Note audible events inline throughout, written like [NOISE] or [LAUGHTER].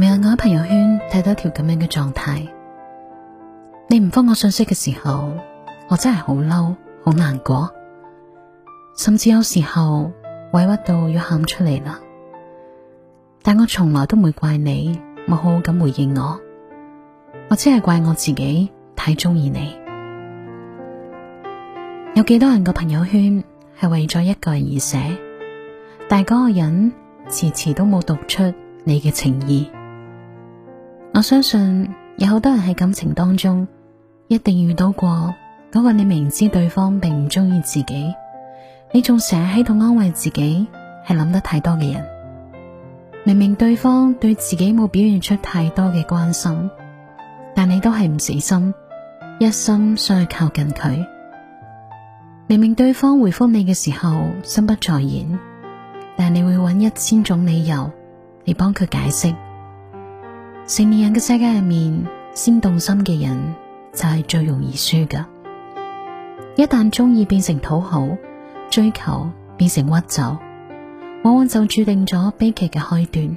明日我喺朋友圈睇到一條咁樣嘅狀態，你唔復我信息嘅時候，我真係好嬲，好難過，甚至有時候委屈到要喊出嚟啦。但我從來都唔會怪你，冇好好咁回應我，我只係怪我自己太中意你。有幾多人嘅朋友圈係為咗一個人而寫，但係嗰個人遲遲都冇讀出你嘅情意。我相信有好多人喺感情當中一定遇到過嗰個你明知對方並唔中意自己，你仲成日喺度安慰自己係諗得太多嘅人。明明對方對自己冇表現出太多嘅關心，但你都係唔死心，一心想去靠近佢。明明對方回覆你嘅時候心不在焉，但你會搵一千種理由嚟幫佢解釋。成年人嘅世界入面，先動心嘅人就係最容易輸㗎。一旦中意變成討好，追求變成屈就，往往就注定咗悲劇嘅開端。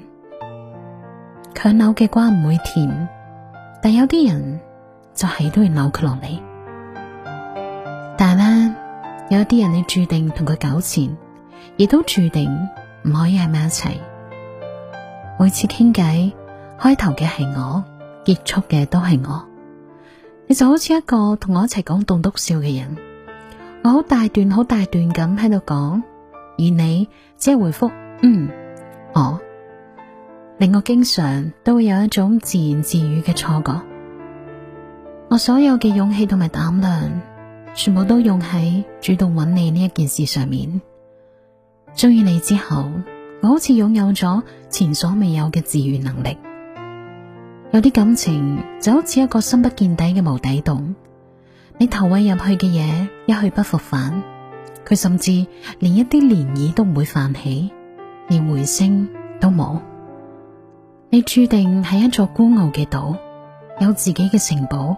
強扭嘅瓜唔會甜，但有啲人就係都要扭佢落嚟。但係咧，有啲人你注定同佢糾纏，亦都注定唔可以喺埋一齊。每次傾偈。開頭嘅係我，結束嘅都係我。你就好似一個同我一齊講棟篤笑嘅人，我好大段好大段咁喺度講，而你只係回覆嗯我，令我經常都會有一種自言自語嘅錯覺。我所有嘅勇氣同埋膽量，全部都用喺主動揾你呢一件事上面。中意你之後，我好似擁有咗前所未有嘅自愈能力。有啲感情就好似一個深不見底嘅無底洞，你投入去嘅嘢一去不復返，佢甚至連一啲漣漪都唔會泛起，連回聲都冇。你注定係一座孤傲嘅島，有自己嘅城堡，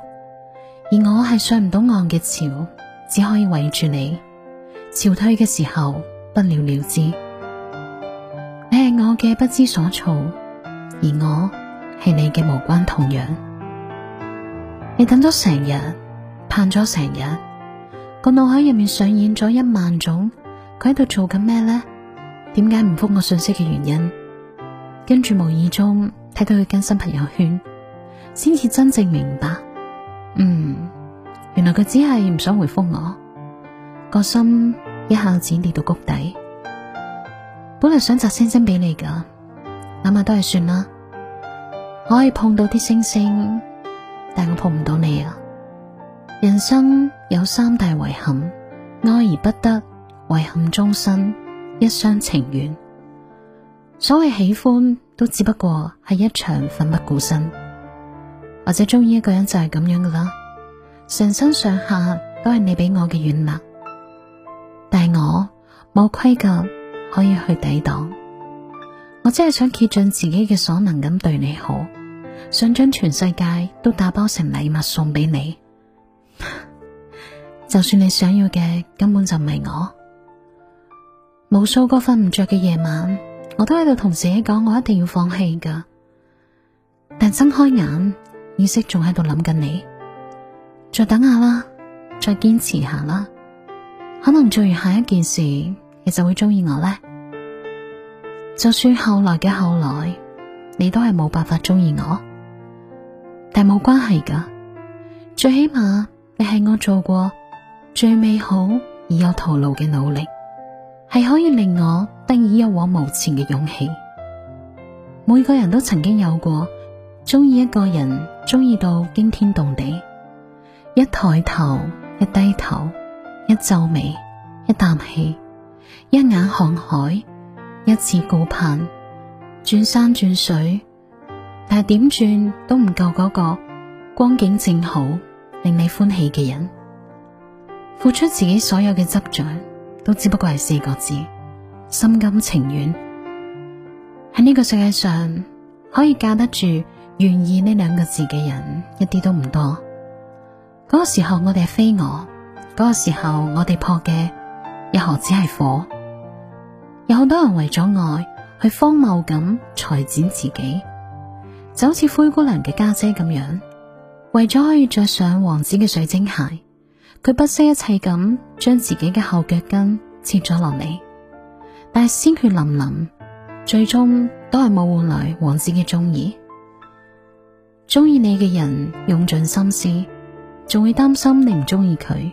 而我係上唔到岸嘅潮，只可以圍住你。潮退嘅時候不了了之，你係我嘅不知所措，而我。係你嘅無關痛癢，你等咗成日，盼咗成日，個腦海入面上演咗一萬種佢喺度做緊咩呢？點解唔復我信息嘅原因？跟住無意中睇到佢更新朋友圈，先至真正明白，嗯，原來佢只係唔想回覆我，個心一下子跌到谷底。本來想摘星星俾你噶，諗下都係算啦。我可以碰到啲星星，但我碰唔到你啊！人生有三大遺憾，愛而不得，遺憾終身，一廂情願。所謂喜歡都只不過係一場奮不顧身，或者中意一個人就係咁樣噶啦，成身上下都係你畀我嘅軟肋，但係我冇盔甲可以去抵擋，我只係想竭盡自己嘅所能咁對你好。想將全世界都打包成禮物送俾你， [LAUGHS] 就算你想要嘅根本就唔係我。無數個瞓唔着嘅夜晚，我都喺度同自己講，我一定要放棄噶。但睜開眼，意識仲喺度諗緊你，再等下啦，再堅持下啦。可能做完下一件事，你就會中意我咧。就算後來嘅後來，你都係冇辦法中意我。但冇關係噶，最起碼你係我做過最美好而又徒勞嘅努力，係可以令我得以一往無前嘅勇氣。每個人都曾經有過鍾意一個人，鍾意到驚天動地，一抬頭，一低頭，一皺眉，一啖氣，一眼看海，一次顧盼，轉山轉水。但係點轉都唔夠嗰個光景，正好令你歡喜嘅人，付出自己所有嘅執着，都只不過係四個字，心甘情願。喺呢個世界上，可以架得住願意呢兩個字嘅人一啲都唔多。嗰個時候我哋係飛蛾，嗰個時候我哋撲嘅又何止係火？有好多人為咗愛去荒謬咁裁剪自己。就好似灰姑娘嘅家姐咁樣，為咗可以着上王子嘅水晶鞋，佢不惜一切咁將自己嘅後腳跟切咗落嚟，但係鮮血淋淋，最終都係冇換來王子嘅中意。中意你嘅人用盡心思，仲會擔心你唔中意佢；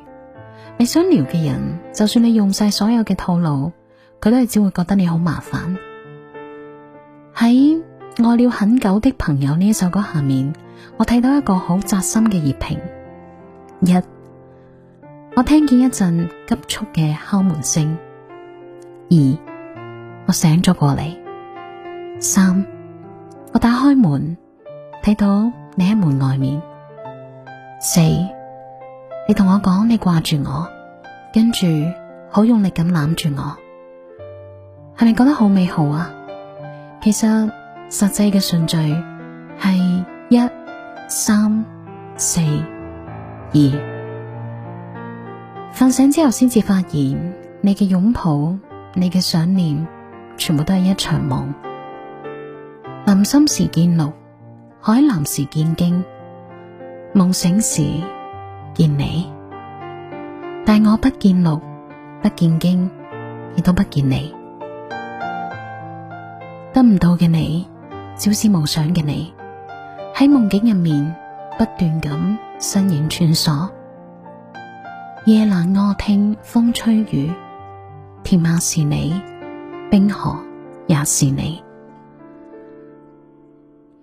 你想撩嘅人，就算你用晒所有嘅套路，佢都係只會覺得你好麻煩。喺。愛了很久的朋友，呢首歌下面，我睇到一個好扎心嘅熱評：一，我聽見一陣急促嘅敲門聲；二，我醒咗過嚟；三，我打開門，睇到你喺門外面；四，你同我講你掛住我，跟住好用力咁攬住我，係咪覺得好美好啊？其實。實際嘅順序係一三四二。瞓醒之後先至發現，你嘅擁抱，你嘅想念，全部都係一場夢。林深時見鹿，海藍時見鯨，夢醒時見你。但我不見鹿，不見鯨，亦都不見你。得唔到嘅你。朝思暮想嘅你，喺夢境入面不斷咁身影穿梭，夜闌臥聽風吹雨，天涯是你，冰河也是你，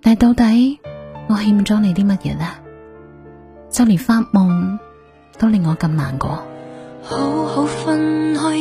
但到底我欠咗你啲乜嘢呢？就連發夢都令我咁難過。好好分開。